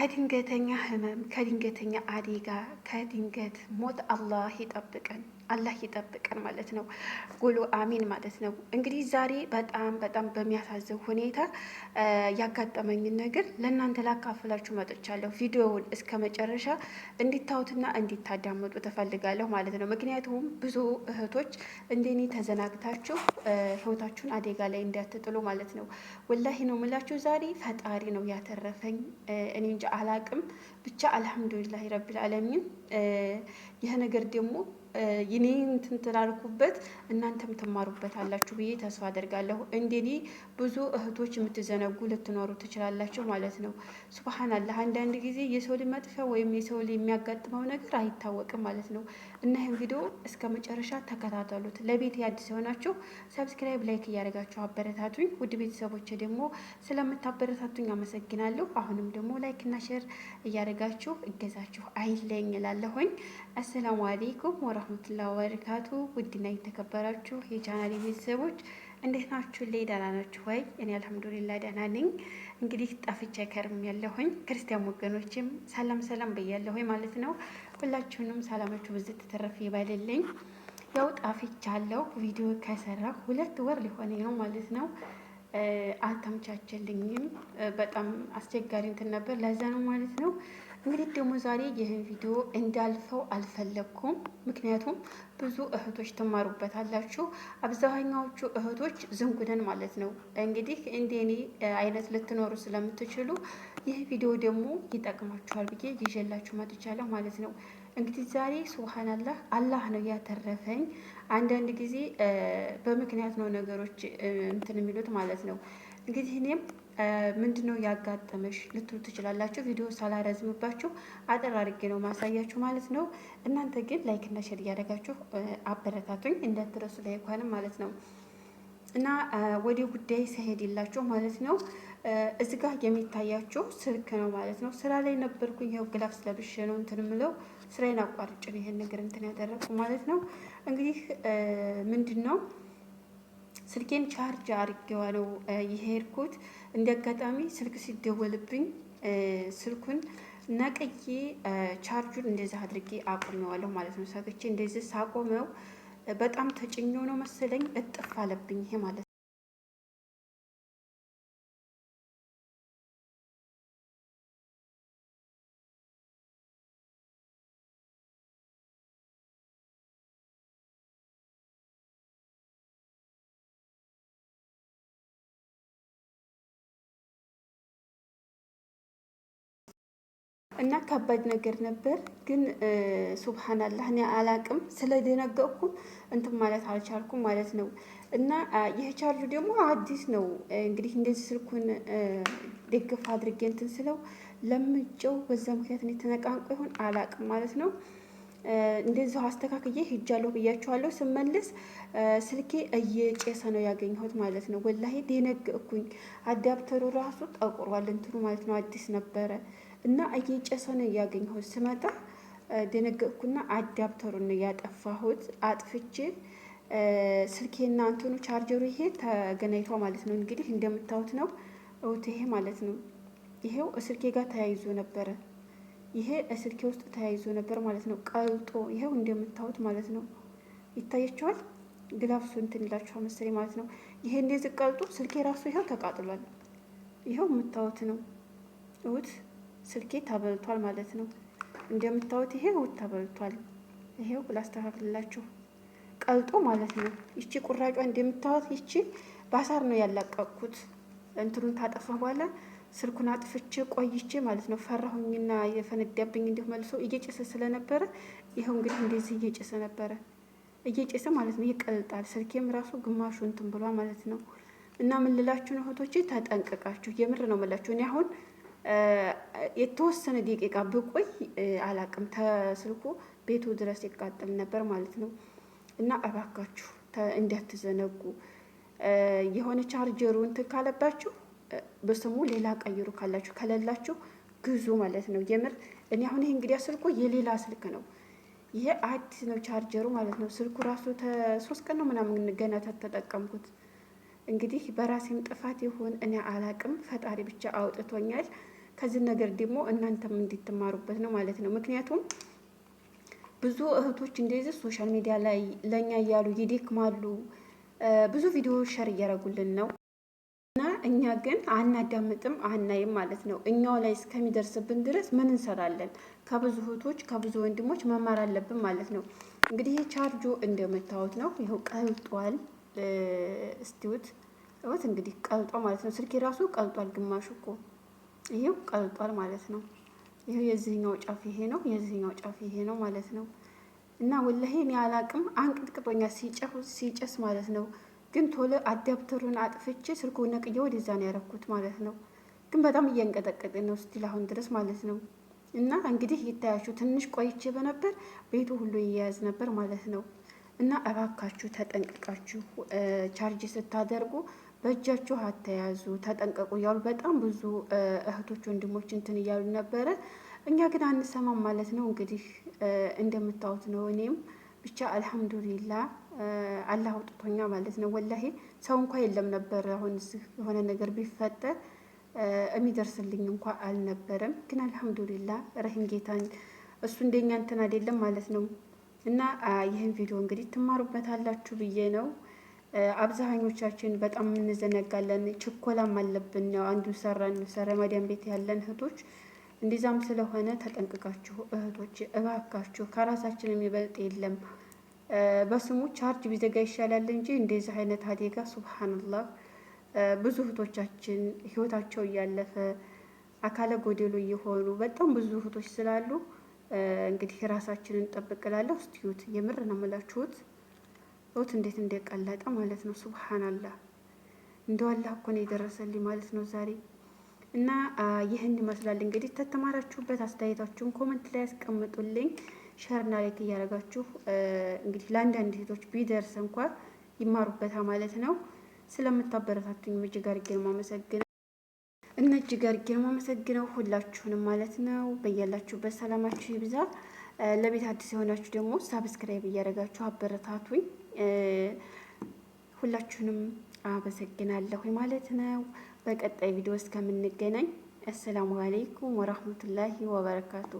ከድንገተኛ ህመም፣ ከድንገተኛ አደጋ፣ ከድንገት ሞት አላህ ይጠብቀን። አላህ ይጠብቀን ማለት ነው። ጉሉ አሚን ማለት ነው። እንግዲህ ዛሬ በጣም በጣም በሚያሳዝን ሁኔታ ያጋጠመኝን ነገር ለእናንተ ላካፍላችሁ መጥቻለሁ። ቪዲዮውን እስከ መጨረሻ እንዲታዩትና እንዲታዳመጡ ትፈልጋለሁ ማለት ነው። ምክንያቱም ብዙ እህቶች እንደኔ ተዘናግታችሁ ህይወታችሁን አደጋ ላይ እንዳትጥሉ ማለት ነው። ወላሂ ነው የምላችሁ። ዛሬ ፈጣሪ ነው ያተረፈኝ። እኔ እንጂ አላቅም። ብቻ አልሐምዱሊላህ ረብልዓለሚን ይህ ነገር ደግሞ የኔ እንትን ትላልኩበት እናንተም ትማሩበታላችሁ አላችሁ ብዬ ተስፋ አደርጋለሁ። እንደኔ ብዙ እህቶች የምትዘነጉ ልትኖሩ ትችላላችሁ ማለት ነው። ሱብሃናላህ አንዳንድ ጊዜ የሰው ልጅ መጥፊያ ወይም የሰው ልጅ የሚያጋጥመው ነገር አይታወቅም ማለት ነው እና ይህን ቪዲዮ እስከ መጨረሻ ተከታተሉት። ለቤት አዲስ የሆናችሁ ሰብስክራይብ፣ ላይክ እያደረጋችሁ አበረታቱኝ። ውድ ቤተሰቦች ደግሞ ስለምታበረታቱኝ አመሰግናለሁ። አሁንም ደግሞ ላይክና ሼር እያደረጋችሁ እገዛችሁ አይለኝ እላለሁኝ። አሰላሙ አሌይኩም ወረ ወራህመቱላ ወበረካቱ ውድና የተከበራችሁ የቻናል ቤተሰቦች እንዴት ናችሁ? ላይ ደህና ናችሁ ወይ? እኔ አልሐምዱሊላህ ደህና ነኝ። እንግዲህ ጠፍቼ ከርም ያለሁኝ ክርስቲያን ወገኖችም ሰላም ሰላም ብያለሁኝ ማለት ነው። ሁላችሁንም ሰላማችሁ ብዙ ተተረፍ ይባልልኝ። ያው ጠፍቻለሁ። ቪዲዮ ከሰራ ሁለት ወር ሊሆን ነው ማለት ነው። አልተመቻቸልኝም። በጣም አስቸጋሪ እንትን ነበር። ለዛ ነው ማለት ነው እንግዲህ ደግሞ ዛሬ ይህን ቪዲዮ እንዳልፈው አልፈለግኩም። ምክንያቱም ብዙ እህቶች ትማሩበት አላችሁ። አብዛኛዎቹ እህቶች ዝንጉነን ማለት ነው። እንግዲህ እንደኔ አይነት ልትኖሩ ስለምትችሉ ይህ ቪዲዮ ደግሞ ይጠቅማችኋል ብዬ ይዤላችሁ መጥቻለሁ ማለት ነው። እንግዲህ ዛሬ ሱብሃናላህ አላህ ነው ያተረፈኝ። አንዳንድ ጊዜ በምክንያት ነው ነገሮች እንትን የሚሉት ማለት ነው። እንግዲህ እኔም ምንድን ነው ያጋጠመሽ ልትሉ ትችላላችሁ። ቪዲዮ ሳላረዝምባችሁ አጠር አድርጌ ነው ማሳያችሁ ማለት ነው። እናንተ ግን እና ሼር እያደረጋችሁ አበረታቱኝ እንዳትረሱ፣ ላይ ማለት ነው እና ወደ ጉዳይ ሲሄድላችሁ ማለት ነው። እዚህ የሚታያችሁ ስልክ ነው ማለት ነው። ስራ ላይ ነበርኩኝ። ይኸው ግላፍስ ለብሼ ነው እንትን ምለው ስራዬን አቋርጭ ነው ይሄን ነገር እንትን ያደረግኩ ማለት ነው። እንግዲህ ምንድን ነው ስልኬን ቻርጅ ይሄ የሄድኩት እንደ አጋጣሚ ስልክ ሲደወልብኝ ስልኩን ነቅዬ ቻርጁን እንደዚህ አድርጌ አቁሜዋለሁ ማለት ነው። ሰክቼ እንደዚህ ሳቆመው በጣም ተጭኞ ነው መሰለኝ እጥፍ አለብኝ ይሄ ማለት እና ከባድ ነገር ነበር። ግን ሱብሃናላህ እኔ አላቅም ስለደነገጥኩ እንትን ማለት አልቻልኩም ማለት ነው። እና ይህ ቻርጁ ደግሞ አዲስ ነው። እንግዲህ እንደዚህ ስልኩን ደግፍ አድርጌ እንትን ስለው ለምጨው በዛ ምክንያት ነው የተነቃንቆ ይሆን አላቅም ማለት ነው። እንደዚሁ አስተካክዬ ሂጃለሁ ብያችኋለሁ። ስመልስ ስልኬ እየጨሰ ነው ያገኘሁት ማለት ነው። ወላሂ ደነገጥኩኝ። አዳፕተሩ ራሱ ጠቁሯል እንትኑ ማለት ነው። አዲስ ነበረ እና እየጨሰ ነው እያገኘሁት ስመጣ ደነገጥኩና አዳፕተሩን ያጠፋሁት አጥፍቼ ስልኬና እንትኑ ቻርጀሩ ይሄ ተገናኝቷ ማለት ነው። እንግዲህ እንደምታዩት ነው እውት ይሄ ማለት ነው። ይሄው እስልኬ ጋር ተያይዞ ነበረ። ይሄ እስልኬ ውስጥ ተያይዞ ነበር ማለት ነው። ቀልጦ ይሄው እንደምታዩት ማለት ነው። ይታያቸዋል። ግላፍሱ እንትን ይላችኋል መሰለኝ ማለት ነው። ይሄ እንደዚህ ቀልጦ ስልኬ ራሱ ይኸው ተቃጥሏል። ይኸው የምታዩት ነው እውት ስልኬ ተበልቷል ማለት ነው። እንደምታዩት ይሄው ተበልቷል። ይሄው ላስተካክልላችሁ ቀልጦ ማለት ነው። ይቺ ቁራጯ እንደምታዩት ይቺ ባሳር ነው ያላቀቅኩት። እንትኑን ታጠፋ በኋላ ስልኩን አጥፍቼ ቆይቼ ማለት ነው ፈራሁኝና የፈነዳብኝ እንዲሁ መልሶ እየጭሰ ስለነበረ ይኸው እንግዲህ እንደዚህ እየጭሰ ነበረ እየጨሰ ማለት ነው። ይቀልጣል። ስልኬም ራሱ ግማሹ እንትን ብሏ ማለት ነው። እና ምን ልላችሁ ነው እህቶቼ፣ ተጠንቀቃችሁ የምር ነው ምላችሁ እኔ አሁን የተወሰነ ደቂቃ ብቆይ አላቅም ተስልኩ ቤቱ ድረስ ይቃጠል ነበር ማለት ነው። እና እባካችሁ እንዳትዘነጉ የሆነ ቻርጀሩ እንትን ካለባችሁ በስሙ ሌላ ቀይሩ ካላችሁ ከሌላችሁ ግዙ ማለት ነው። የምር እኔ አሁን ይህ እንግዲህ ስልኩ የሌላ ስልክ ነው። ይሄ አዲስ ነው ቻርጀሩ ማለት ነው። ስልኩ ራሱ ሶስት ቀን ነው ምናምን ገና ተጠቀምኩት። እንግዲህ በራሴም ጥፋት ይሁን እኔ አላቅም፣ ፈጣሪ ብቻ አውጥቶኛል። ከዚህ ነገር ደግሞ እናንተም እንድትማሩበት ነው ማለት ነው። ምክንያቱም ብዙ እህቶች እንደዚህ ሶሻል ሚዲያ ላይ ለእኛ እያሉ ይደክማሉ። ብዙ ቪዲዮ ሸር እያደረጉልን ነው እና እኛ ግን አናዳምጥም አናይም ማለት ነው። እኛው ላይ እስከሚደርስብን ድረስ ምን እንሰራለን? ከብዙ እህቶች ከብዙ ወንድሞች መማር አለብን ማለት ነው። እንግዲህ ቻርጆ እንደምታዩት ነው። ይኸው ቀልጧል። እስቲዩት እወት እንግዲህ ቀልጧ ማለት ነው። ስልኬ ራሱ ቀልጧል ግማሽ እኮ ይሄው ቀልጧል ማለት ነው። ይሄው የዚህኛው ጫፍ ይሄ ነው፣ የዚህኛው ጫፍ ይሄ ነው ማለት ነው። እና ወላሄ እኔ አላቅም አንቅጥቅጦኛ ሲጨስ ማለት ነው። ግን ቶሎ አዳፕተሩን አጥፍቼ ስልኩን ነቅዬ ወደዛ ነው ያረኩት ማለት ነው። ግን በጣም እያንቀጠቀጠ ነው ስቲል አሁን ድረስ ማለት ነው። እና እንግዲህ ይታያችሁ ትንሽ ቆይቼ በነበር ቤቱ ሁሉ እያያዝ ነበር ማለት ነው። እና እባካችሁ ተጠንቅቃችሁ ቻርጅ ስታደርጉ በእጃችሁ አተያዙ ተጠንቀቁ እያሉ በጣም ብዙ እህቶች ወንድሞች እንትን እያሉ ነበረ። እኛ ግን አንሰማም ማለት ነው። እንግዲህ እንደምታዩት ነው። እኔም ብቻ አልሐምዱሊላ አላህ አውጥቶኛ ማለት ነው። ወላሄ ሰው እንኳ የለም ነበረ። አሁን የሆነ ነገር ቢፈጠር የሚደርስልኝ እንኳ አልነበረም። ግን አልሐምዱሊላ ረህን ጌታን እሱ እንደኛ እንትን አይደለም ማለት ነው። እና ይህን ቪዲዮ እንግዲህ ትማሩበታላችሁ ብዬ ነው አብዛኞቻችን በጣም እንዘነጋለን። ችኮላም አለብን ነው አንዱ ሰራን ማዲያም ቤት ያለን እህቶች እንዲዛም ስለሆነ ተጠንቅቃችሁ እህቶች እባካችሁ፣ ከራሳችን የሚበልጥ የለም። በስሙ ቻርጅ ቢዘጋ ይሻላል እንጂ እንደዚህ አይነት አደጋ ሱብሃንላህ፣ ብዙ እህቶቻችን ህይወታቸው እያለፈ አካለ ጎደሎ እየሆኑ በጣም ብዙ እህቶች ስላሉ እንግዲህ ራሳችንን ጠብቅላለሁ። ስትዩት የምር ነው የምላችሁት ት እንዴት እንደቀለጠ ማለት ነው። ሱብሃንአላህ እንደው አላህ እኮ ነው የደረሰልኝ ማለት ነው ዛሬ እና ይህን ይመስላል እንግዲህ። ተተማራችሁበት አስተያየታችሁን ኮመንት ላይ ያስቀምጡልኝ። ሸርና ላይክ እያደረጋችሁ እንግዲህ ለአንዳንድ ሴቶች ቢደርስ እንኳ ይማሩበታ ማለት ነው። ስለምታበረታቱኝ እጅግ አድርጌ ነው የማመሰግነው እና እጅግ አድርጌ ነው የማመሰግነው ሁላችሁንም ማለት ነው። በያላችሁበት ሰላማችሁ ይብዛ። ለቤት አዲስ የሆናችሁ ደግሞ ሳብስክራይብ እያደረጋችሁ አበረታቱኝ። ሁላችሁንም አመሰግናለሁ ማለት ነው። በቀጣይ ቪዲዮ እስከምንገናኝ አሰላሙ አሌይኩም ወራህመቱላሂ ወበረካቱ።